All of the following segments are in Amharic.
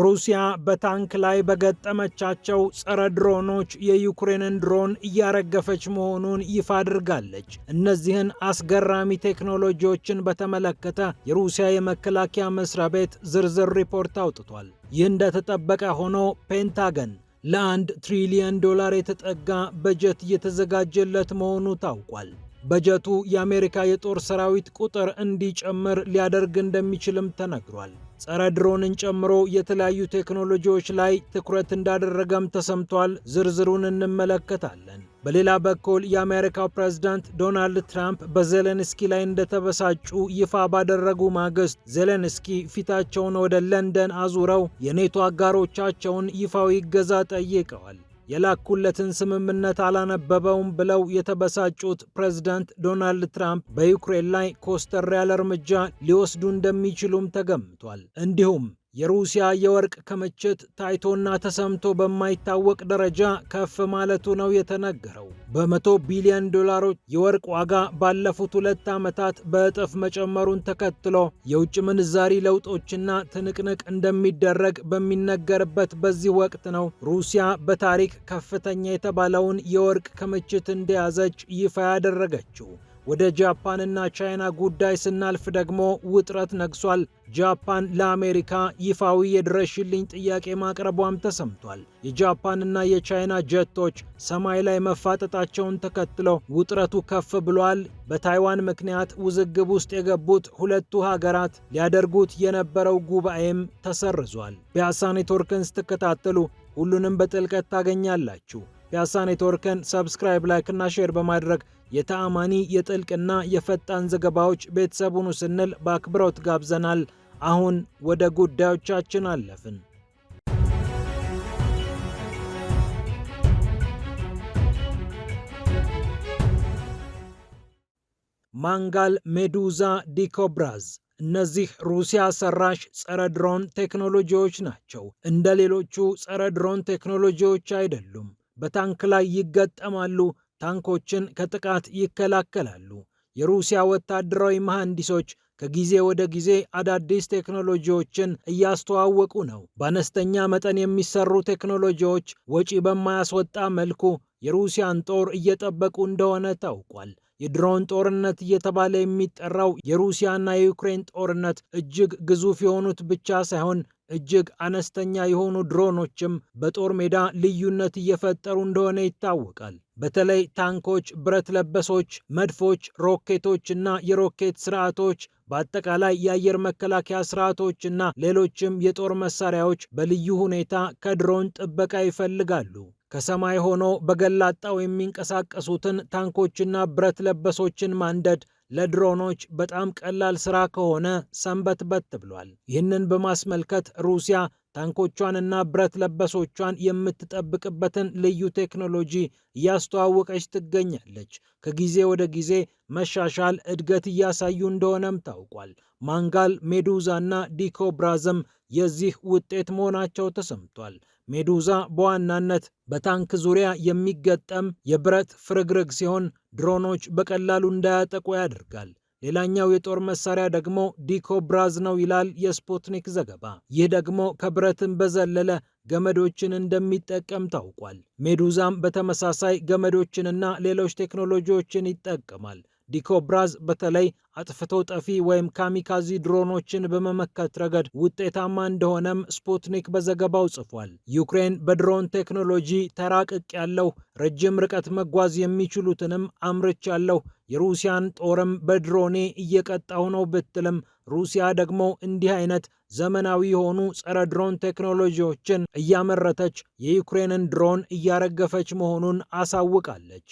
ሩሲያ በታንክ ላይ በገጠመቻቸው ጸረ ድሮኖች የዩክሬንን ድሮን እያረገፈች መሆኑን ይፋ አድርጋለች። እነዚህን አስገራሚ ቴክኖሎጂዎችን በተመለከተ የሩሲያ የመከላከያ መስሪያ ቤት ዝርዝር ሪፖርት አውጥቷል። ይህ እንደተጠበቀ ሆኖ ፔንታገን ለአንድ ትሪሊየን ዶላር የተጠጋ በጀት እየተዘጋጀለት መሆኑ ታውቋል። በጀቱ የአሜሪካ የጦር ሰራዊት ቁጥር እንዲጨምር ሊያደርግ እንደሚችልም ተነግሯል። ጸረ ድሮንን ጨምሮ የተለያዩ ቴክኖሎጂዎች ላይ ትኩረት እንዳደረገም ተሰምቷል። ዝርዝሩን እንመለከታለን። በሌላ በኩል የአሜሪካው ፕሬዝዳንት ዶናልድ ትራምፕ በዜሌንስኪ ላይ እንደተበሳጩ ይፋ ባደረጉ ማግስት ዜሌንስኪ ፊታቸውን ወደ ለንደን አዙረው የኔቶ አጋሮቻቸውን ይፋዊ እገዛ ጠይቀዋል። የላኩለትን ስምምነት አላነበበውም ብለው የተበሳጩት ፕሬዝዳንት ዶናልድ ትራምፕ በዩክሬን ላይ ኮስተር ያለ እርምጃ ሊወስዱ እንደሚችሉም ተገምቷል። እንዲሁም የሩሲያ የወርቅ ክምችት ታይቶና ተሰምቶ በማይታወቅ ደረጃ ከፍ ማለቱ ነው የተነገረው። በመቶ ቢሊዮን ዶላሮች የወርቅ ዋጋ ባለፉት ሁለት ዓመታት በእጥፍ መጨመሩን ተከትሎ የውጭ ምንዛሪ ለውጦችና ትንቅንቅ እንደሚደረግ በሚነገርበት በዚህ ወቅት ነው ሩሲያ በታሪክ ከፍተኛ የተባለውን የወርቅ ክምችት እንደያዘች ይፋ ያደረገችው። ወደ ጃፓንና ቻይና ጉዳይ ስናልፍ ደግሞ ውጥረት ነግሷል። ጃፓን ለአሜሪካ ይፋዊ የድረሽልኝ ጥያቄ ማቅረቧም ተሰምቷል። የጃፓንና የቻይና ጀቶች ሰማይ ላይ መፋጠጣቸውን ተከትለው ውጥረቱ ከፍ ብሏል። በታይዋን ምክንያት ውዝግብ ውስጥ የገቡት ሁለቱ ሀገራት ሊያደርጉት የነበረው ጉባኤም ተሰርዟል። ፒያሳ ኔትወርክን ስትከታተሉ ሁሉንም በጥልቀት ታገኛላችሁ። ፒያሳ ኔትወርክን ሰብስክራይብ፣ ላይክና ሼር በማድረግ የተአማኒ የጥልቅና የፈጣን ዘገባዎች ቤተሰቡን ስንል በአክብሮት ጋብዘናል። አሁን ወደ ጉዳዮቻችን አለፍን። ማንጋል፣ ሜዱዛ፣ ዲኮብራዝ እነዚህ ሩሲያ ሰራሽ ጸረ ድሮን ቴክኖሎጂዎች ናቸው። እንደ ሌሎቹ ጸረ ድሮን ቴክኖሎጂዎች አይደሉም። በታንክ ላይ ይገጠማሉ፣ ታንኮችን ከጥቃት ይከላከላሉ። የሩሲያ ወታደራዊ መሐንዲሶች ከጊዜ ወደ ጊዜ አዳዲስ ቴክኖሎጂዎችን እያስተዋወቁ ነው። በአነስተኛ መጠን የሚሰሩ ቴክኖሎጂዎች ወጪ በማያስወጣ መልኩ የሩሲያን ጦር እየጠበቁ እንደሆነ ታውቋል። የድሮን ጦርነት እየተባለ የሚጠራው የሩሲያና የዩክሬን ጦርነት እጅግ ግዙፍ የሆኑት ብቻ ሳይሆን እጅግ አነስተኛ የሆኑ ድሮኖችም በጦር ሜዳ ልዩነት እየፈጠሩ እንደሆነ ይታወቃል። በተለይ ታንኮች፣ ብረት ለበሶች፣ መድፎች፣ ሮኬቶች እና የሮኬት ስርዓቶች በአጠቃላይ የአየር መከላከያ ስርዓቶች እና ሌሎችም የጦር መሳሪያዎች በልዩ ሁኔታ ከድሮን ጥበቃ ይፈልጋሉ። ከሰማይ ሆኖ በገላጣው የሚንቀሳቀሱትን ታንኮችና ብረት ለበሶችን ማንደድ ለድሮኖች በጣም ቀላል ስራ ከሆነ ሰንበት በት ብሏል። ይህንን በማስመልከት ሩሲያ ታንኮቿንና ብረት ለበሶቿን የምትጠብቅበትን ልዩ ቴክኖሎጂ እያስተዋወቀች ትገኛለች። ከጊዜ ወደ ጊዜ መሻሻል፣ እድገት እያሳዩ እንደሆነም ታውቋል። ማንጋል፣ ሜዱዛ እና ዲኮብራዝም የዚህ ውጤት መሆናቸው ተሰምቷል። ሜዱዛ በዋናነት በታንክ ዙሪያ የሚገጠም የብረት ፍርግርግ ሲሆን ድሮኖች በቀላሉ እንዳያጠቁ ያደርጋል። ሌላኛው የጦር መሳሪያ ደግሞ ዲኮብራዝ ነው ይላል የስፑትኒክ ዘገባ። ይህ ደግሞ ከብረትን በዘለለ ገመዶችን እንደሚጠቀም ታውቋል። ሜዱዛም በተመሳሳይ ገመዶችንና ሌሎች ቴክኖሎጂዎችን ይጠቀማል። ዲኮብራዝ በተለይ አጥፍቶ ጠፊ ወይም ካሚካዚ ድሮኖችን በመመከት ረገድ ውጤታማ እንደሆነም ስፑትኒክ በዘገባው ጽፏል። ዩክሬን በድሮን ቴክኖሎጂ ተራቅቅ ያለው ረጅም ርቀት መጓዝ የሚችሉትንም አምርች ያለው የሩሲያን ጦርም በድሮኔ እየቀጣው ነው ብትልም ሩሲያ ደግሞ እንዲህ አይነት ዘመናዊ የሆኑ ጸረ ድሮን ቴክኖሎጂዎችን እያመረተች የዩክሬንን ድሮን እያረገፈች መሆኑን አሳውቃለች።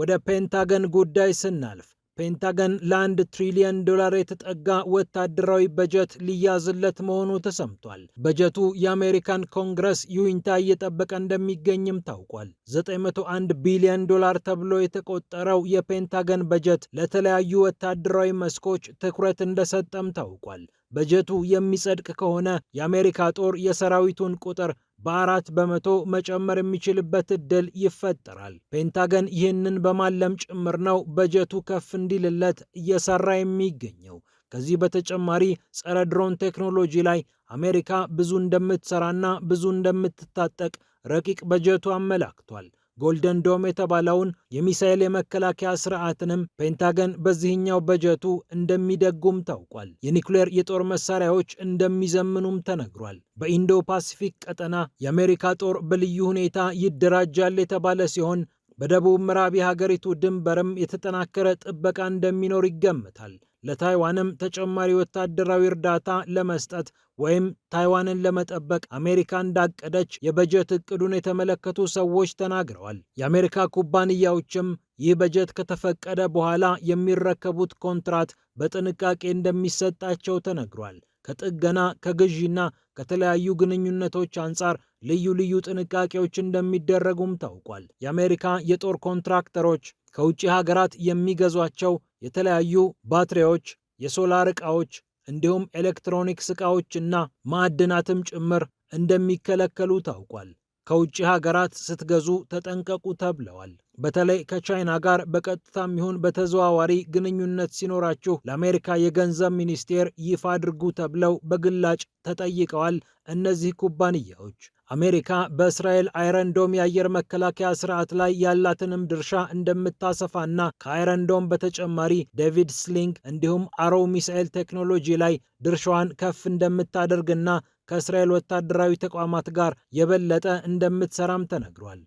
ወደ ፔንታገን ጉዳይ ስናልፍ ፔንታገን ለአንድ ትሪሊየን ዶላር የተጠጋ ወታደራዊ በጀት ሊያዝለት መሆኑ ተሰምቷል። በጀቱ የአሜሪካን ኮንግረስ ይሁንታ እየጠበቀ እንደሚገኝም ታውቋል። 901 ቢሊዮን ዶላር ተብሎ የተቆጠረው የፔንታገን በጀት ለተለያዩ ወታደራዊ መስኮች ትኩረት እንደሰጠም ታውቋል። በጀቱ የሚጸድቅ ከሆነ የአሜሪካ ጦር የሰራዊቱን ቁጥር በአራት በመቶ መጨመር የሚችልበት እድል ይፈጠራል። ፔንታገን ይህንን በማለም ጭምር ነው በጀቱ ከፍ እንዲልለት እየሰራ የሚገኘው። ከዚህ በተጨማሪ ጸረ ድሮን ቴክኖሎጂ ላይ አሜሪካ ብዙ እንደምትሰራና ብዙ እንደምትታጠቅ ረቂቅ በጀቱ አመላክቷል። ጎልደን ዶም የተባለውን የሚሳኤል የመከላከያ ስርዓትንም ፔንታገን በዚህኛው በጀቱ እንደሚደጉም ታውቋል። የኒውክሌር የጦር መሳሪያዎች እንደሚዘምኑም ተነግሯል። በኢንዶ ፓሲፊክ ቀጠና የአሜሪካ ጦር በልዩ ሁኔታ ይደራጃል የተባለ ሲሆን በደቡብ ምዕራብ የሀገሪቱ ድንበርም የተጠናከረ ጥበቃ እንደሚኖር ይገምታል። ለታይዋንም ተጨማሪ ወታደራዊ እርዳታ ለመስጠት ወይም ታይዋንን ለመጠበቅ አሜሪካ እንዳቀደች የበጀት እቅዱን የተመለከቱ ሰዎች ተናግረዋል። የአሜሪካ ኩባንያዎችም ይህ በጀት ከተፈቀደ በኋላ የሚረከቡት ኮንትራት በጥንቃቄ እንደሚሰጣቸው ተነግሯል። ከጥገና ከግዢና ከተለያዩ ግንኙነቶች አንጻር ልዩ ልዩ ጥንቃቄዎች እንደሚደረጉም ታውቋል። የአሜሪካ የጦር ኮንትራክተሮች ከውጭ ሀገራት የሚገዟቸው የተለያዩ ባትሪዎች፣ የሶላር ዕቃዎች እንዲሁም ኤሌክትሮኒክስ ዕቃዎችና ማዕድናትም ጭምር እንደሚከለከሉ ታውቋል። ከውጭ ሀገራት ስትገዙ ተጠንቀቁ ተብለዋል። በተለይ ከቻይና ጋር በቀጥታም ይሁን በተዘዋዋሪ ግንኙነት ሲኖራችሁ ለአሜሪካ የገንዘብ ሚኒስቴር ይፋ አድርጉ ተብለው በግላጭ ተጠይቀዋል። እነዚህ ኩባንያዎች አሜሪካ በእስራኤል አይረንዶም የአየር መከላከያ ስርዓት ላይ ያላትንም ድርሻ እንደምታሰፋና ከአይረንዶም በተጨማሪ ዴቪድ ስሊንግ እንዲሁም አሮው ሚሳኤል ቴክኖሎጂ ላይ ድርሻዋን ከፍ እንደምታደርግና ከእስራኤል ወታደራዊ ተቋማት ጋር የበለጠ እንደምትሰራም ተነግሯል።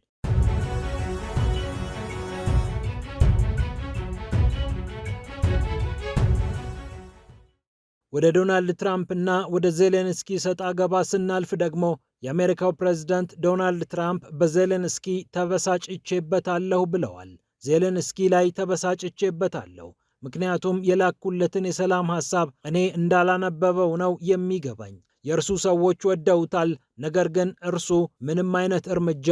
ወደ ዶናልድ ትራምፕ እና ወደ ዜሌንስኪ ሰጥ አገባ ስናልፍ ደግሞ የአሜሪካው ፕሬዝዳንት ዶናልድ ትራምፕ በዜሌንስኪ ተበሳጭቼበታለሁ ብለዋል። ዜሌንስኪ ላይ ተበሳጭቼበታለሁ፣ ምክንያቱም የላኩለትን የሰላም ሐሳብ እኔ እንዳላነበበው ነው የሚገባኝ። የእርሱ ሰዎች ወደውታል። ነገር ግን እርሱ ምንም አይነት እርምጃ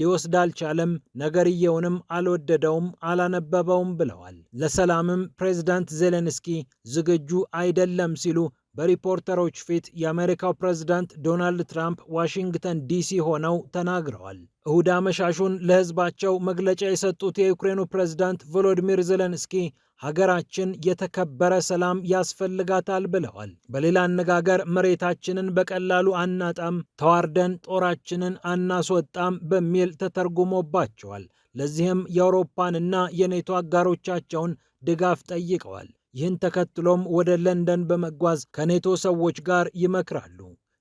ሊወስድ አልቻለም፣ ነገርየውንም አልወደደውም፣ አላነበበውም ብለዋል። ለሰላምም ፕሬዚዳንት ዜሌንስኪ ዝግጁ አይደለም ሲሉ በሪፖርተሮች ፊት የአሜሪካው ፕሬዝዳንት ዶናልድ ትራምፕ ዋሽንግተን ዲሲ ሆነው ተናግረዋል። እሁድ አመሻሹን ለሕዝባቸው መግለጫ የሰጡት የዩክሬኑ ፕሬዝዳንት ቮሎዲሚር ዜሌንስኪ ሀገራችን የተከበረ ሰላም ያስፈልጋታል ብለዋል። በሌላ አነጋገር መሬታችንን በቀላሉ አናጣም፣ ተዋርደን ጦራችንን አናስወጣም በሚል ተተርጉሞባቸዋል። ለዚህም የአውሮፓንና የኔቶ አጋሮቻቸውን ድጋፍ ጠይቀዋል። ይህን ተከትሎም ወደ ለንደን በመጓዝ ከኔቶ ሰዎች ጋር ይመክራሉ።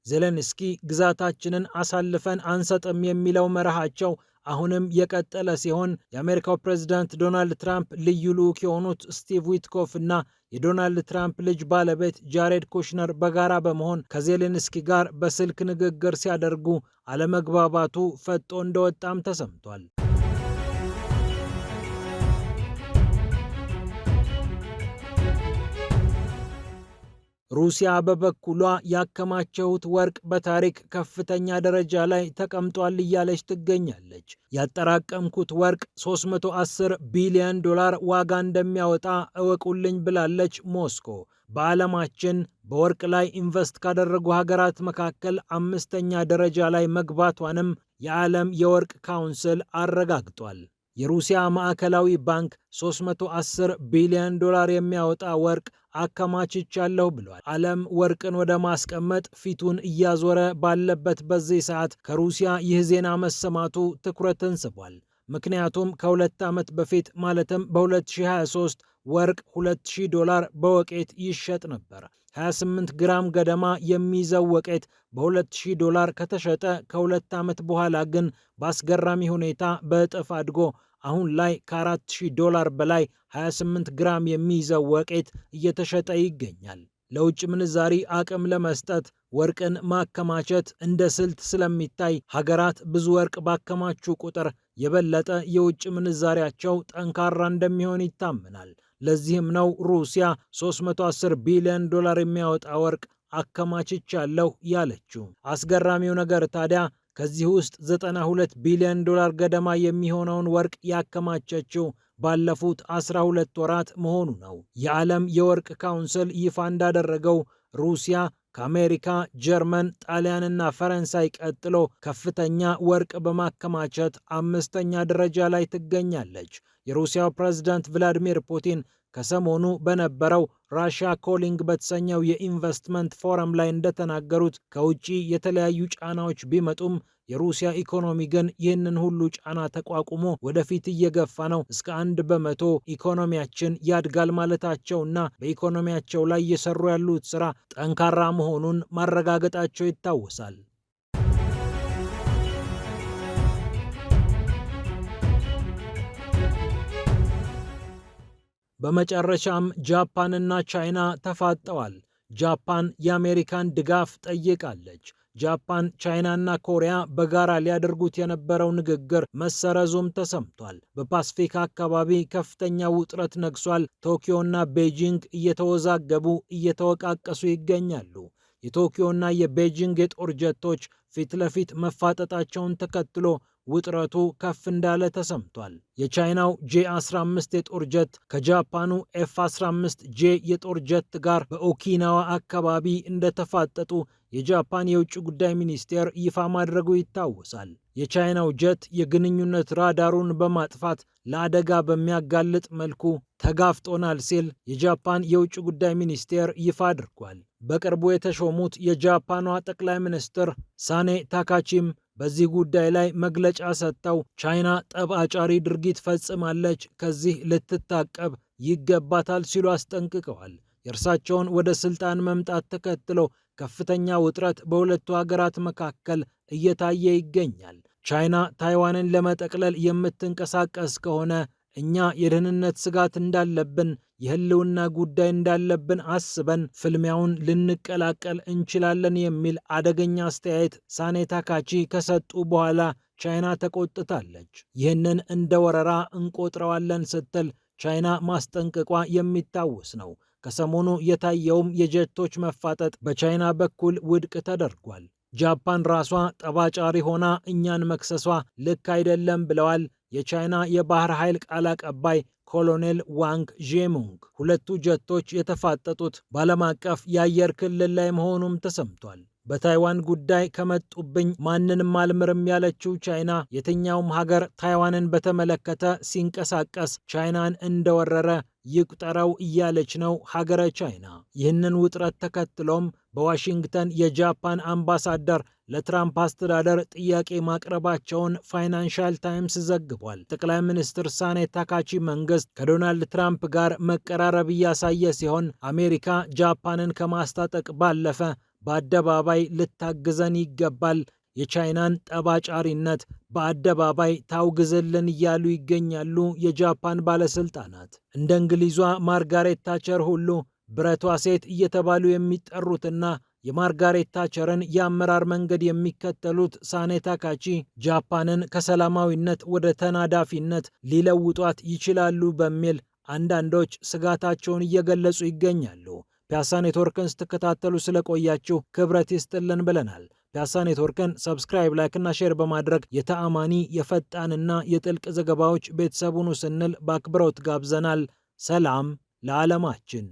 ዜሌንስኪ ግዛታችንን አሳልፈን አንሰጥም የሚለው መርሃቸው አሁንም የቀጠለ ሲሆን የአሜሪካው ፕሬዝዳንት ዶናልድ ትራምፕ ልዩ ልዑክ የሆኑት ስቲቭ ዊትኮፍ እና የዶናልድ ትራምፕ ልጅ ባለቤት ጃሬድ ኩሽነር በጋራ በመሆን ከዜሌንስኪ ጋር በስልክ ንግግር ሲያደርጉ አለመግባባቱ ፈጦ እንደወጣም ተሰምቷል። ሩሲያ በበኩሏ ያከማቸውት ወርቅ በታሪክ ከፍተኛ ደረጃ ላይ ተቀምጧል እያለች ትገኛለች። ያጠራቀምኩት ወርቅ 310 ቢሊዮን ዶላር ዋጋ እንደሚያወጣ እወቁልኝ ብላለች ሞስኮ። በዓለማችን በወርቅ ላይ ኢንቨስት ካደረጉ ሀገራት መካከል አምስተኛ ደረጃ ላይ መግባቷንም የዓለም የወርቅ ካውንስል አረጋግጧል። የሩሲያ ማዕከላዊ ባንክ 310 ቢሊዮን ዶላር የሚያወጣ ወርቅ አከማችቻለሁ ብሏል። ዓለም ወርቅን ወደ ማስቀመጥ ፊቱን እያዞረ ባለበት በዚህ ሰዓት ከሩሲያ ይህ ዜና መሰማቱ ትኩረትን ስቧል። ምክንያቱም ከሁለት ዓመት በፊት ማለትም በ2023 ወርቅ 2000 ዶላር በወቄት ይሸጥ ነበር። 28 ግራም ገደማ የሚይዘው ወቄት በ2000 ዶላር ከተሸጠ ከሁለት ዓመት በኋላ ግን በአስገራሚ ሁኔታ በእጥፍ አድጎ አሁን ላይ ከ4000 ዶላር በላይ 28 ግራም የሚይዘው ወቄት እየተሸጠ ይገኛል። ለውጭ ምንዛሪ አቅም ለመስጠት ወርቅን ማከማቸት እንደ ስልት ስለሚታይ ሀገራት ብዙ ወርቅ ባከማቹ ቁጥር የበለጠ የውጭ ምንዛሪያቸው ጠንካራ እንደሚሆን ይታመናል። ለዚህም ነው ሩሲያ 310 ቢሊዮን ዶላር የሚያወጣ ወርቅ አከማችቻለሁ ያለችው። አስገራሚው ነገር ታዲያ ከዚህ ውስጥ 92 ቢሊዮን ዶላር ገደማ የሚሆነውን ወርቅ ያከማቸችው ባለፉት 12 ወራት መሆኑ ነው። የዓለም የወርቅ ካውንስል ይፋ እንዳደረገው ሩሲያ ከአሜሪካ፣ ጀርመን፣ ጣሊያንና ፈረንሳይ ቀጥሎ ከፍተኛ ወርቅ በማከማቸት አምስተኛ ደረጃ ላይ ትገኛለች። የሩሲያው ፕሬዝዳንት ቭላዲሚር ፑቲን ከሰሞኑ በነበረው ራሻ ኮሊንግ በተሰኘው የኢንቨስትመንት ፎረም ላይ እንደተናገሩት ከውጭ የተለያዩ ጫናዎች ቢመጡም የሩሲያ ኢኮኖሚ ግን ይህንን ሁሉ ጫና ተቋቁሞ ወደፊት እየገፋ ነው። እስከ አንድ በመቶ ኢኮኖሚያችን ያድጋል ማለታቸውና በኢኮኖሚያቸው ላይ እየሰሩ ያሉት ስራ ጠንካራ መሆኑን ማረጋገጣቸው ይታወሳል። በመጨረሻም ጃፓንና ቻይና ተፋጠዋል። ጃፓን የአሜሪካን ድጋፍ ጠይቃለች። ጃፓን፣ ቻይናና ኮሪያ በጋራ ሊያደርጉት የነበረው ንግግር መሰረዙም ተሰምቷል። በፓስፊክ አካባቢ ከፍተኛ ውጥረት ነግሷል። ቶኪዮና ቤጂንግ እየተወዛገቡ እየተወቃቀሱ ይገኛሉ። የቶኪዮና የቤጂንግ የጦር ጀቶች ፊት ለፊት መፋጠጣቸውን ተከትሎ ውጥረቱ ከፍ እንዳለ ተሰምቷል። የቻይናው ጄ15 የጦር ጀት ከጃፓኑ ኤፍ15 ጄ የጦር ጀት ጋር በኦኪናዋ አካባቢ እንደተፋጠጡ የጃፓን የውጭ ጉዳይ ሚኒስቴር ይፋ ማድረጉ ይታወሳል። የቻይናው ጀት የግንኙነት ራዳሩን በማጥፋት ለአደጋ በሚያጋልጥ መልኩ ተጋፍጦናል ሲል የጃፓን የውጭ ጉዳይ ሚኒስቴር ይፋ አድርጓል። በቅርቡ የተሾሙት የጃፓኗ ጠቅላይ ሚኒስትር ሳኔ ታካቺም በዚህ ጉዳይ ላይ መግለጫ ሰጥተው ቻይና ጠብ አጫሪ ድርጊት ፈጽማለች፣ ከዚህ ልትታቀብ ይገባታል ሲሉ አስጠንቅቀዋል። የእርሳቸውን ወደ ስልጣን መምጣት ተከትሎ ከፍተኛ ውጥረት በሁለቱ ሀገራት መካከል እየታየ ይገኛል። ቻይና ታይዋንን ለመጠቅለል የምትንቀሳቀስ ከሆነ እኛ የደህንነት ስጋት እንዳለብን የህልውና ጉዳይ እንዳለብን አስበን ፍልሚያውን ልንቀላቀል እንችላለን የሚል አደገኛ አስተያየት ታካቺ ከሰጡ በኋላ ቻይና ተቆጥታለች። ይህንን እንደ ወረራ እንቆጥረዋለን ስትል ቻይና ማስጠንቀቋ የሚታወስ ነው። ከሰሞኑ የታየውም የጀቶች መፋጠጥ በቻይና በኩል ውድቅ ተደርጓል። ጃፓን ራሷ ጠባጫሪ ሆና እኛን መክሰሷ ልክ አይደለም ብለዋል የቻይና የባህር ኃይል ቃል አቀባይ ኮሎኔል ዋንግ ዤሙንግ ሁለቱ ጀቶች የተፋጠጡት በዓለም አቀፍ የአየር ክልል ላይ መሆኑም ተሰምቷል። በታይዋን ጉዳይ ከመጡብኝ ማንንም አልምርም ያለችው ቻይና የትኛውም ሀገር ታይዋንን በተመለከተ ሲንቀሳቀስ ቻይናን እንደወረረ ይቁጠረው እያለች ነው ሀገረ ቻይና። ይህንን ውጥረት ተከትሎም በዋሽንግተን የጃፓን አምባሳደር ለትራምፕ አስተዳደር ጥያቄ ማቅረባቸውን ፋይናንሻል ታይምስ ዘግቧል። ጠቅላይ ሚኒስትር ሳኔ ታካቺ መንግስት ከዶናልድ ትራምፕ ጋር መቀራረብ እያሳየ ሲሆን አሜሪካ ጃፓንን ከማስታጠቅ ባለፈ በአደባባይ ልታግዘን ይገባል። የቻይናን ጠባጫሪነት በአደባባይ ታውግዝልን እያሉ ይገኛሉ የጃፓን ባለስልጣናት። እንደ እንግሊዟ ማርጋሬት ታቸር ሁሉ ብረቷ ሴት እየተባሉ የሚጠሩትና የማርጋሬት ታቸርን የአመራር መንገድ የሚከተሉት ታካቺ ጃፓንን ከሰላማዊነት ወደ ተናዳፊነት ሊለውጧት ይችላሉ በሚል አንዳንዶች ስጋታቸውን እየገለጹ ይገኛሉ። ፒያሳ ኔትወርክን ስትከታተሉ ስለቆያችሁ ክብረት ይስጥልን ብለናል። ፒያሳ ኔትወርክን ሰብስክራይብ፣ ላይክና ሼር በማድረግ የተአማኒ የፈጣንና የጥልቅ ዘገባዎች ቤተሰቡኑ ስንል በአክብሮት ጋብዘናል። ሰላም ለዓለማችን።